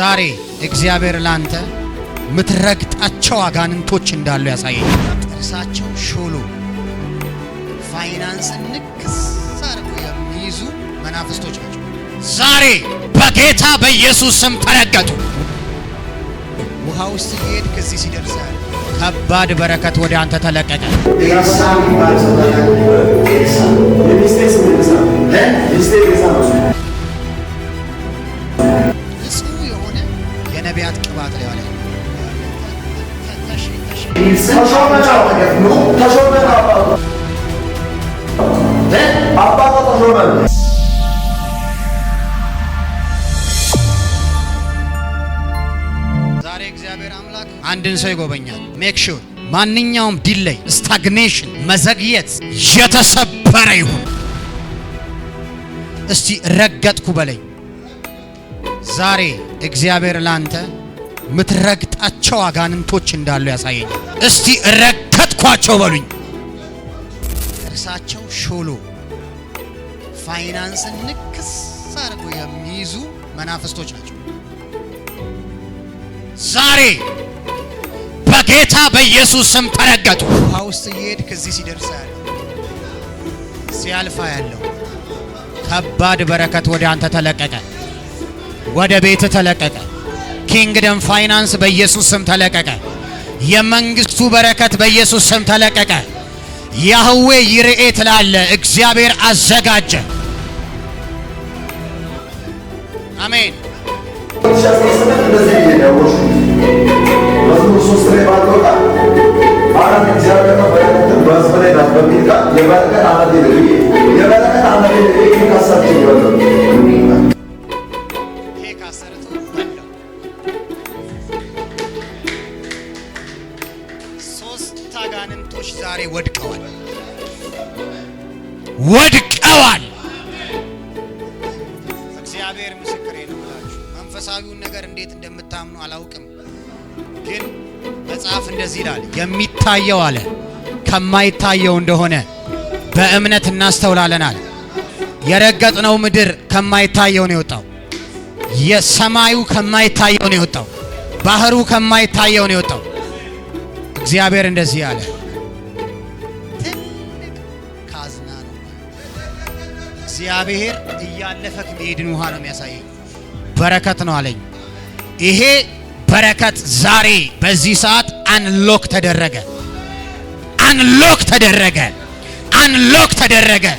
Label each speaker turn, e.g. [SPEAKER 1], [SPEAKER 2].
[SPEAKER 1] ዛሬ እግዚአብሔር ላንተ ምትረግጣቸው አጋንንቶች እንዳሉ ያሳየኝ።
[SPEAKER 2] ጥርሳቸው ሾሎ ፋይናንስ ንክስ አድርጎ የሚይዙ መናፍስቶች ናቸው።
[SPEAKER 1] ዛሬ በጌታ በኢየሱስ ስም ተረገጡ።
[SPEAKER 2] ውሃ ውስጥ ሲሄድ ከዚህ ሲደርስ
[SPEAKER 1] ከባድ በረከት ወደ አንተ ተለቀቀ። የነቢያት ቅባት
[SPEAKER 3] ላይ
[SPEAKER 1] ዛሬ እግዚአብሔር አምላክ አንድን ሰው ይጎበኛል። ሜክ ሹር ማንኛውም ዲሌይ፣ ስታግኔሽን፣ መዘግየት የተሰበረ ይሁን። እስቲ ረገጥኩ በለኝ። ዛሬ እግዚአብሔር ላንተ ምትረግጣቸው አጋንንቶች እንዳሉ ያሳየኝ። እስቲ ረገጥኳቸው በሉኝ።
[SPEAKER 2] እርሳቸው ሾሎ ፋይናንስን ንክስ አድርጎ የሚይዙ መናፍስቶች ናቸው።
[SPEAKER 1] ዛሬ በጌታ በኢየሱስ ስም ተረገጡ።
[SPEAKER 2] ውስጥ እየሄድክ እዚህ ሲደርስ ያለው ሲያልፋ ያለው
[SPEAKER 1] ከባድ በረከት ወደ አንተ ተለቀቀ፣ ወደ ቤት ተለቀቀ። የኪንግደም ፋይናንስ በኢየሱስ ስም ተለቀቀ። የመንግስቱ በረከት በኢየሱስ ስም ተለቀቀ። ያህዌ ይርኤ ትላለ እግዚአብሔር አዘጋጀ። አሜን።
[SPEAKER 3] የበረከት
[SPEAKER 2] አጋንንቶች ዛሬ ወድቀዋል፣
[SPEAKER 1] ወድቀዋል።
[SPEAKER 2] እግዚአብሔር ምስክሬ ነው ብላችሁ መንፈሳዊውን ነገር እንዴት እንደምታምኑ አላውቅም፣ ግን መጽሐፍ እንደዚህ ይላል፣
[SPEAKER 1] የሚታየው አለ ከማይታየው እንደሆነ በእምነት እናስተውላለናል። የረገጥነው ምድር ከማይታየው ነው የወጣው። የሰማዩ ከማይታየው ነው የወጣው። ባህሩ ከማይታየው ነው የወጣው። እግዚአብሔር እንደዚህ አለ።
[SPEAKER 2] ትልቅ ካዝና ነው። እግዚአብሔር እያለፈክ መሄድን ውሃ ነው የሚያሳየኝ።
[SPEAKER 1] በረከት ነው አለኝ። ይሄ በረከት ዛሬ በዚህ ሰዓት አንሎክ ተደረገ። አንሎክ ተደረገ። አንሎክ ተደረገ።